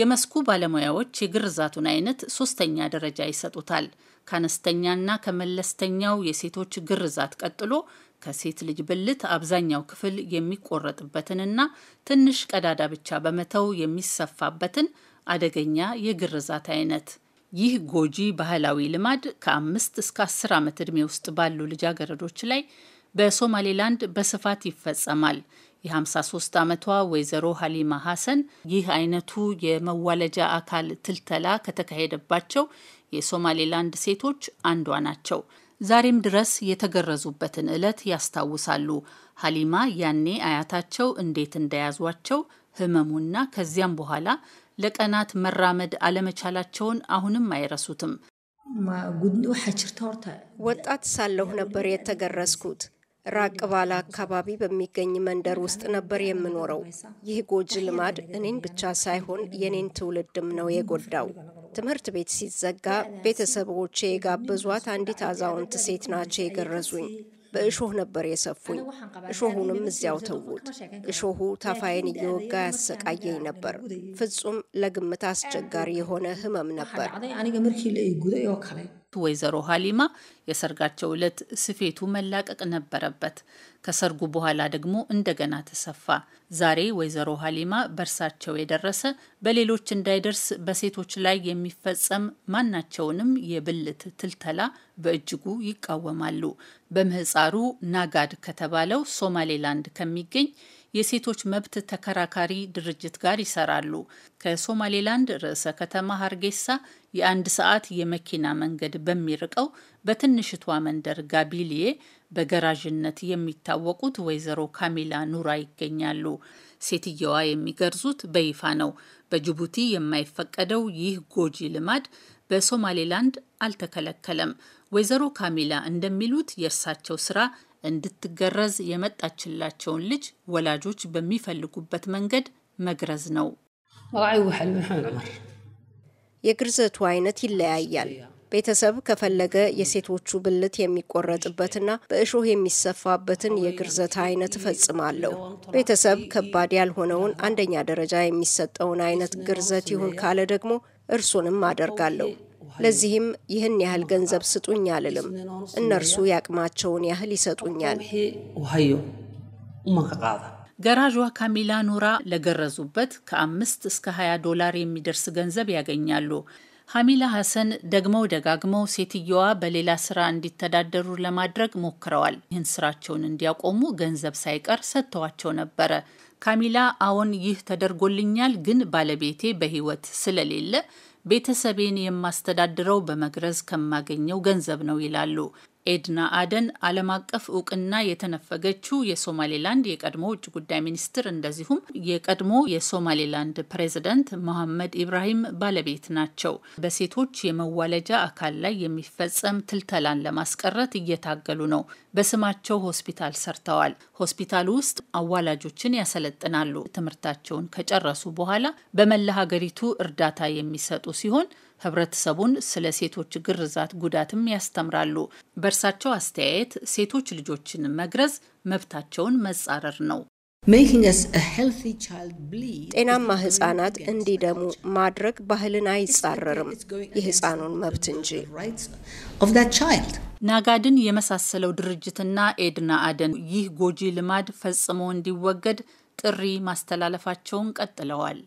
የመስኩ ባለሙያዎች የግርዛቱን አይነት ሶስተኛ ደረጃ ይሰጡታል። ከአነስተኛና ከመለስተኛው የሴቶች ግርዛት ቀጥሎ ከሴት ልጅ ብልት አብዛኛው ክፍል የሚቆረጥበትንና ትንሽ ቀዳዳ ብቻ በመተው የሚሰፋበትን አደገኛ የግርዛት አይነት። ይህ ጎጂ ባህላዊ ልማድ ከአምስት እስከ አስር ዓመት ዕድሜ ውስጥ ባሉ ልጃገረዶች ላይ በሶማሌላንድ በስፋት ይፈጸማል። የ53 ዓመቷ ወይዘሮ ሀሊማ ሀሰን ይህ አይነቱ የመዋለጃ አካል ትልተላ ከተካሄደባቸው የሶማሌላንድ ሴቶች አንዷ ናቸው። ዛሬም ድረስ የተገረዙበትን ዕለት ያስታውሳሉ። ሀሊማ ያኔ አያታቸው እንዴት እንደያዟቸው ህመሙና ከዚያም በኋላ ለቀናት መራመድ አለመቻላቸውን አሁንም አይረሱትም። ወጣት ሳለሁ ነበር የተገረዝኩት። ራቅ ባለ አካባቢ በሚገኝ መንደር ውስጥ ነበር የምኖረው። ይህ ጎጂ ልማድ እኔን ብቻ ሳይሆን የኔን ትውልድም ነው የጎዳው። ትምህርት ቤት ሲዘጋ ቤተሰቦቼ የጋበዟት አንዲት አዛውንት ሴት ናቸው የገረዙኝ። በእሾህ ነበር የሰፉኝ። እሾሁንም እዚያው ተዉት። እሾሁ ታፋዬን እየወጋ ያሰቃየኝ ነበር። ፍጹም ለግምት አስቸጋሪ የሆነ ህመም ነበር። ወይዘሮ ሀሊማ የሰርጋቸው ዕለት ስፌቱ መላቀቅ ነበረበት። ከሰርጉ በኋላ ደግሞ እንደገና ተሰፋ። ዛሬ ወይዘሮ ሀሊማ በእርሳቸው የደረሰ በሌሎች እንዳይደርስ በሴቶች ላይ የሚፈጸም ማናቸውንም የብልት ትልተላ በእጅጉ ይቃወማሉ። በምህፃሩ ናጋድ ከተባለው ሶማሌላንድ ከሚገኝ የሴቶች መብት ተከራካሪ ድርጅት ጋር ይሰራሉ። ከሶማሌላንድ ርዕሰ ከተማ ሀርጌሳ የአንድ ሰዓት የመኪና መንገድ በሚርቀው በትንሽቷ መንደር ጋቢሊዬ በገራዥነት የሚታወቁት ወይዘሮ ካሚላ ኑራ ይገኛሉ። ሴትየዋ የሚገርዙት በይፋ ነው። በጅቡቲ የማይፈቀደው ይህ ጎጂ ልማድ በሶማሌላንድ አልተከለከለም። ወይዘሮ ካሚላ እንደሚሉት የእርሳቸው ስራ እንድትገረዝ የመጣችላቸውን ልጅ ወላጆች በሚፈልጉበት መንገድ መግረዝ ነው። የግርዘቱ አይነት ይለያያል። ቤተሰብ ከፈለገ የሴቶቹ ብልት የሚቆረጥበትና በእሾህ የሚሰፋበትን የግርዘት አይነት እፈጽማለሁ። ቤተሰብ ከባድ ያልሆነውን አንደኛ ደረጃ የሚሰጠውን አይነት ግርዘት ይሁን ካለ ደግሞ እርሱንም አደርጋለሁ። ለዚህም ይህን ያህል ገንዘብ ስጡኝ አልልም። እነርሱ ያቅማቸውን ያህል ይሰጡኛል። ገራዧ ካሚላ ኑራ ለገረዙበት ከአምስት እስከ 20 ዶላር የሚደርስ ገንዘብ ያገኛሉ። ሀሚላ ሀሰን ደግመው ደጋግመው ሴትየዋ በሌላ ስራ እንዲተዳደሩ ለማድረግ ሞክረዋል። ይህን ስራቸውን እንዲያቆሙ ገንዘብ ሳይቀር ሰጥተዋቸው ነበረ። ካሚላ አዎን፣ ይህ ተደርጎልኛል፣ ግን ባለቤቴ በህይወት ስለሌለ ቤተሰቤን የማስተዳድረው በመግረዝ ከማገኘው ገንዘብ ነው ይላሉ። ኤድና አደን ዓለም አቀፍ እውቅና የተነፈገችው የሶማሌላንድ የቀድሞ ውጭ ጉዳይ ሚኒስትር እንደዚሁም የቀድሞ የሶማሌላንድ ፕሬዚደንት መሐመድ ኢብራሂም ባለቤት ናቸው። በሴቶች የመዋለጃ አካል ላይ የሚፈጸም ትልተላን ለማስቀረት እየታገሉ ነው። በስማቸው ሆስፒታል ሰርተዋል። ሆስፒታል ውስጥ አዋላጆችን ያሰለጥናሉ። ትምህርታቸውን ከጨረሱ በኋላ በመላ ሀገሪቱ እርዳታ የሚሰጡ ሲሆን ህብረተሰቡን ስለ ሴቶች ግርዛት ጉዳትም ያስተምራሉ። በእርሳቸው አስተያየት ሴቶች ልጆችን መግረዝ መብታቸውን መጻረር ነው። ጤናማ ህጻናት እንዲደሙ ማድረግ ባህልን አይጻረርም፣ የህፃኑን መብት እንጂ። ናጋድን የመሳሰለው ድርጅትና ኤድና አደን ይህ ጎጂ ልማድ ፈጽሞ እንዲወገድ ጥሪ ማስተላለፋቸውን ቀጥለዋል።